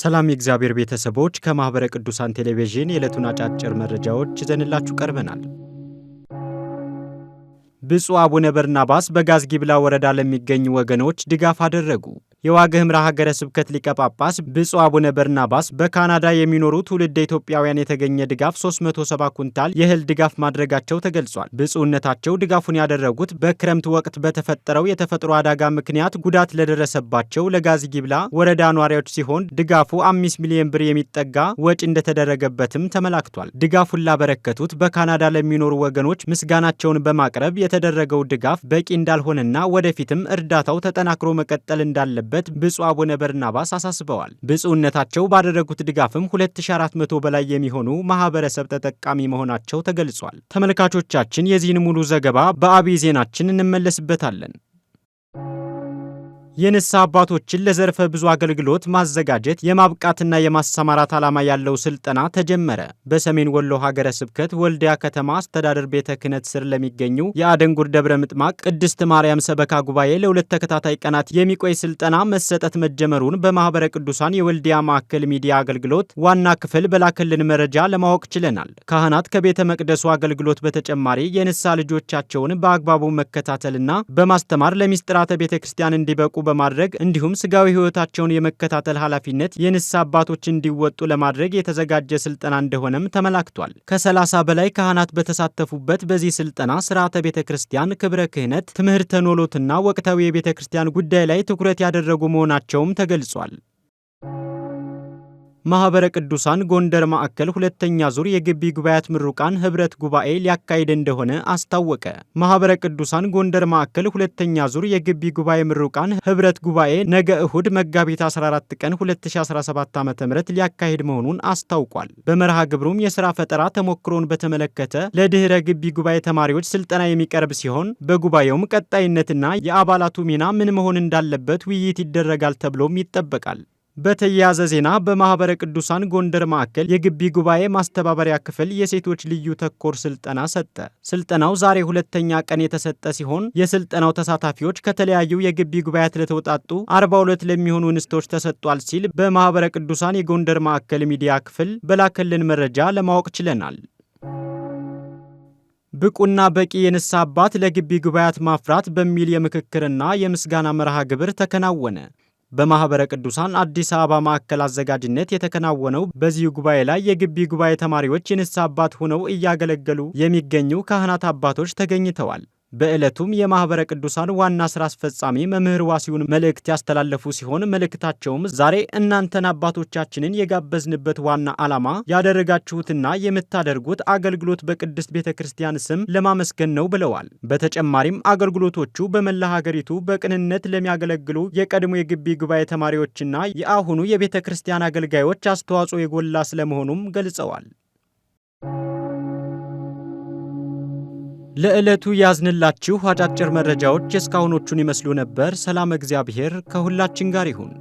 ሰላም የእግዚአብሔር ቤተሰቦች፣ ከማኅበረ ቅዱሳን ቴሌቪዥን የዕለቱን አጫጭር መረጃዎች ይዘንላችሁ ቀርበናል። ብፁዕ አቡነ በርናባስ በጋዝጊብላ ወረዳ ለሚገኙ ወገኖች ድጋፍ አደረጉ። የዋግኽምራ ሀገረ ስብከት ሊቀ ጳጳስ ብፁዕ አቡነ በርናባስ በካናዳ የሚኖሩ ትውልደ ኢትዮጵያውያን የተገኘ ድጋፍ 370 ኩንታል የእህል ድጋፍ ማድረጋቸው ተገልጿል። ብፁዕነታቸው ድጋፉን ያደረጉት በክረምት ወቅት በተፈጠረው የተፈጥሮ አደጋ ምክንያት ጉዳት ለደረሰባቸው ለጋዝ ጊብላ ወረዳ ኗሪዎች ሲሆን ድጋፉ አምስት ሚሊዮን ብር የሚጠጋ ወጪ እንደተደረገበትም ተመላክቷል። ድጋፉን ላበረከቱት በካናዳ ለሚኖሩ ወገኖች ምስጋናቸውን በማቅረብ የተደረገው ድጋፍ በቂ እንዳልሆነና ወደፊትም እርዳታው ተጠናክሮ መቀጠል እንዳለበት እንዳለበት ብፁዕ አቡነ በርናባስ አሳስበዋል። ብፁዕነታቸው ባደረጉት ድጋፍም 2400 በላይ የሚሆኑ ማህበረሰብ ተጠቃሚ መሆናቸው ተገልጿል። ተመልካቾቻችን የዚህን ሙሉ ዘገባ በአብይ ዜናችን እንመለስበታለን። የንስሐ አባቶችን ለዘርፈ ብዙ አገልግሎት ማዘጋጀት የማብቃትና የማሰማራት ዓላማ ያለው ስልጠና ተጀመረ። በሰሜን ወሎ ሀገረ ስብከት ወልዲያ ከተማ አስተዳደር ቤተ ክህነት ስር ለሚገኙ የአደንጉር ደብረ ምጥማቅ ቅድስት ማርያም ሰበካ ጉባኤ ለሁለት ተከታታይ ቀናት የሚቆይ ስልጠና መሰጠት መጀመሩን በማህበረ ቅዱሳን የወልዲያ ማዕከል ሚዲያ አገልግሎት ዋና ክፍል በላከልን መረጃ ለማወቅ ችለናል። ካህናት ከቤተ መቅደሱ አገልግሎት በተጨማሪ የንስሐ ልጆቻቸውን በአግባቡ መከታተልና በማስተማር ለሚስጥራተ ቤተ ክርስቲያን እንዲበቁ በማድረግ እንዲሁም ስጋዊ ህይወታቸውን የመከታተል ኃላፊነት የንስሐ አባቶች እንዲወጡ ለማድረግ የተዘጋጀ ስልጠና እንደሆነም ተመላክቷል። ከ ከ30 በላይ ካህናት በተሳተፉበት በዚህ ስልጠና ስርዓተ ቤተ ክርስቲያን፣ ክብረ ክህነት፣ ትምህርተ ኖሎትና ወቅታዊ የቤተ ክርስቲያን ጉዳይ ላይ ትኩረት ያደረጉ መሆናቸውም ተገልጿል። ማህበረ ቅዱሳን ጎንደር ማዕከል ሁለተኛ ዙር የግቢ ጉባኤያት ምሩቃን ህብረት ጉባኤ ሊያካሂድ እንደሆነ አስታወቀ። ማህበረ ቅዱሳን ጎንደር ማዕከል ሁለተኛ ዙር የግቢ ጉባኤ ምሩቃን ህብረት ጉባኤ ነገ እሁድ መጋቢት 14 ቀን 2017 ዓ ም ሊያካሂድ መሆኑን አስታውቋል። በመርሃ ግብሩም የሥራ ፈጠራ ተሞክሮን በተመለከተ ለድኅረ ግቢ ጉባኤ ተማሪዎች ስልጠና የሚቀርብ ሲሆን በጉባኤውም ቀጣይነትና የአባላቱ ሚና ምን መሆን እንዳለበት ውይይት ይደረጋል ተብሎም ይጠበቃል። በተያያዘ ዜና በማኅበረ ቅዱሳን ጎንደር ማዕከል የግቢ ጉባኤ ማስተባበሪያ ክፍል የሴቶች ልዩ ተኮር ስልጠና ሰጠ። ስልጠናው ዛሬ ሁለተኛ ቀን የተሰጠ ሲሆን የስልጠናው ተሳታፊዎች ከተለያዩ የግቢ ጉባኤያት ለተውጣጡ 42 ለሚሆኑ እንስቶች ተሰጥቷል ሲል በማኅበረ ቅዱሳን የጎንደር ማዕከል ሚዲያ ክፍል በላከልን መረጃ ለማወቅ ችለናል። ብቁና በቂ የንስሐ አባት ለግቢ ጉባኤያት ማፍራት በሚል የምክክርና የምስጋና መርሃ ግብር ተከናወነ። በማህበረ ቅዱሳን አዲስ አበባ ማዕከል አዘጋጅነት የተከናወነው በዚህ ጉባኤ ላይ የግቢ ጉባኤ ተማሪዎች የንስሐ አባት ሆነው እያገለገሉ የሚገኙ ካህናት አባቶች ተገኝተዋል። በዕለቱም የማኅበረ ቅዱሳን ዋና ሥራ አስፈጻሚ መምህር ዋሲውን መልእክት ያስተላለፉ ሲሆን መልእክታቸውም ዛሬ እናንተን አባቶቻችንን የጋበዝንበት ዋና ዓላማ ያደረጋችሁትና የምታደርጉት አገልግሎት በቅድስት ቤተ ክርስቲያን ስም ለማመስገን ነው ብለዋል። በተጨማሪም አገልግሎቶቹ በመላ ሀገሪቱ በቅንነት ለሚያገለግሉ የቀድሞ የግቢ ጉባኤ ተማሪዎችና የአሁኑ የቤተ ክርስቲያን አገልጋዮች አስተዋጽኦ የጎላ ስለመሆኑም ገልጸዋል። ለዕለቱ ያዝንላችሁ አጫጭር መረጃዎች የእስካሁኖቹን ይመስሉ ነበር። ሰላም እግዚአብሔር ከሁላችን ጋር ይሁን።